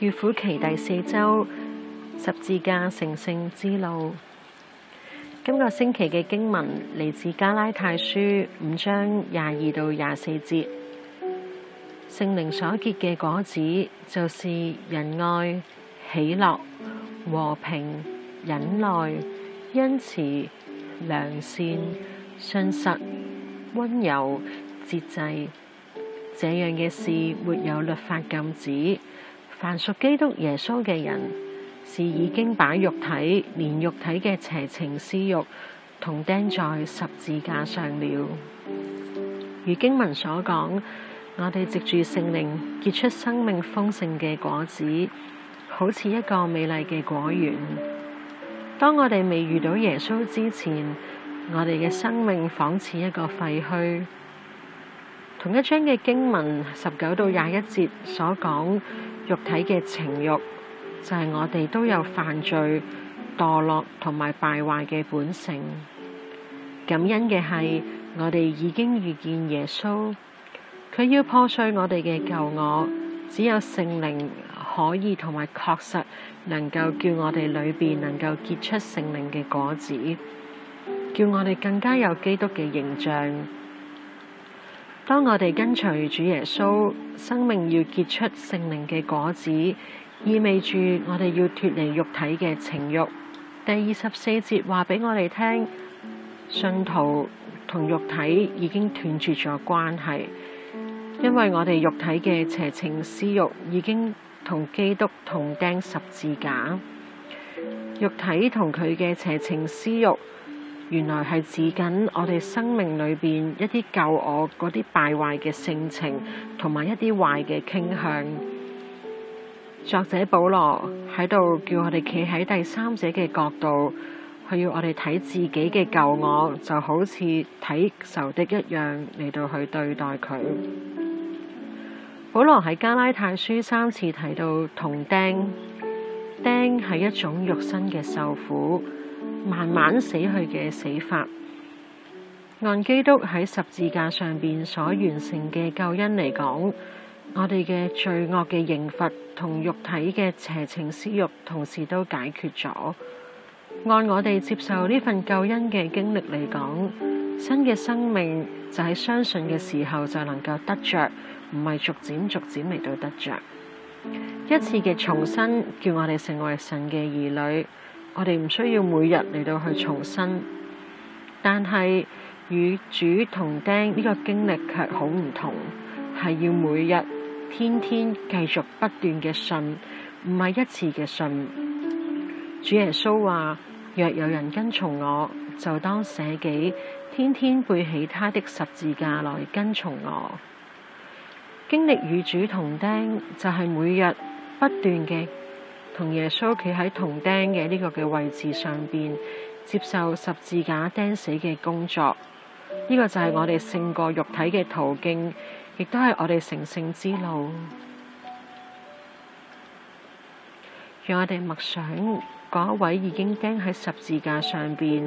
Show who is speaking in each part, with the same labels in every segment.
Speaker 1: 預苦期第四周，十字架成聖之路。今個星期嘅經文嚟自《加拉太書五章廿二到廿四節。聖靈所結嘅果子，就是仁愛、喜樂、和平、忍耐、恩慈、良善、信實。溫柔節制，這樣嘅事沒有律法禁止。凡屬基督耶穌嘅人，是已經把肉體連肉體嘅邪情私欲同釘在十字架上了。如經文所講，我哋藉住聖靈，結出生命豐盛嘅果子，好似一個美麗嘅果園。當我哋未遇到耶穌之前，我哋嘅生命仿似一個廢墟，同一章嘅經文十九到廿一節所講，肉體嘅情慾，就係我哋都有犯罪、墮落同埋敗壞嘅本性。感恩嘅係我哋已經遇見耶穌，佢要破碎我哋嘅舊我，只有聖靈可以同埋確實能夠叫我哋裏面能夠結出聖靈嘅果子。叫我哋更加有基督嘅形象。當我哋跟隨主耶穌，生命要結出聖靈嘅果子，意味住我哋要脫離肉體嘅情欲。第二十四節話俾我哋聽：信徒同肉體已經斷絕咗關係，因為我哋肉體嘅邪情私欲已經同基督同釘十字架，肉體同佢嘅邪情私欲。原來係指緊我哋生命裏邊一啲舊我嗰啲敗壞嘅性情，同埋一啲壞嘅傾向。作者保羅喺度叫我哋企喺第三者嘅角度，佢要我哋睇自己嘅舊我，就好似睇仇敵一樣嚟到去對待佢。保羅喺加拉太書三次提到同釘。釘係一種肉身嘅受苦，慢慢死去嘅死法。按基督喺十字架上面所完成嘅救恩嚟講，我哋嘅罪惡嘅刑罰同肉體嘅邪情私慾，同時都解決咗。按我哋接受呢份救恩嘅經歷嚟講，新嘅生命就喺相信嘅時候就能夠得着，唔係逐漸逐漸嚟到得着。一次嘅重生叫我哋成為神嘅兒女，我哋唔需要每日嚟到去重生，但係與主同釘呢個經歷卻好唔同，係要每日天天繼續不斷嘅信，唔係一次嘅信。主耶穌話：若有人跟從我，就當捨己，天天背起他的十字架來跟從我。經歷與主同釘，就係、是、每日不斷嘅同耶穌企喺同釘嘅呢個嘅位置上邊，接受十字架釘死嘅工作。呢、這個就係我哋勝過肉體嘅途徑，亦都係我哋成聖之路。讓我哋默想嗰一位已經釘喺十字架上邊，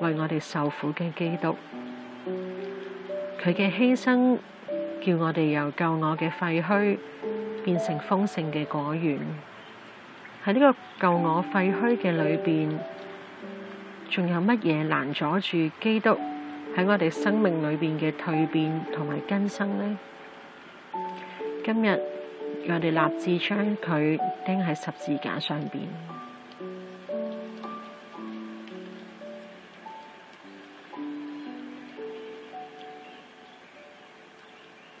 Speaker 1: 為我哋受苦嘅基督，佢嘅犧牲。叫我哋由救我嘅廢墟變成豐盛嘅果園。喺呢個救我廢墟嘅裏邊，仲有乜嘢難阻住基督喺我哋生命裏邊嘅蛻變同埋更生呢？今日我哋立志將佢釘喺十字架上邊。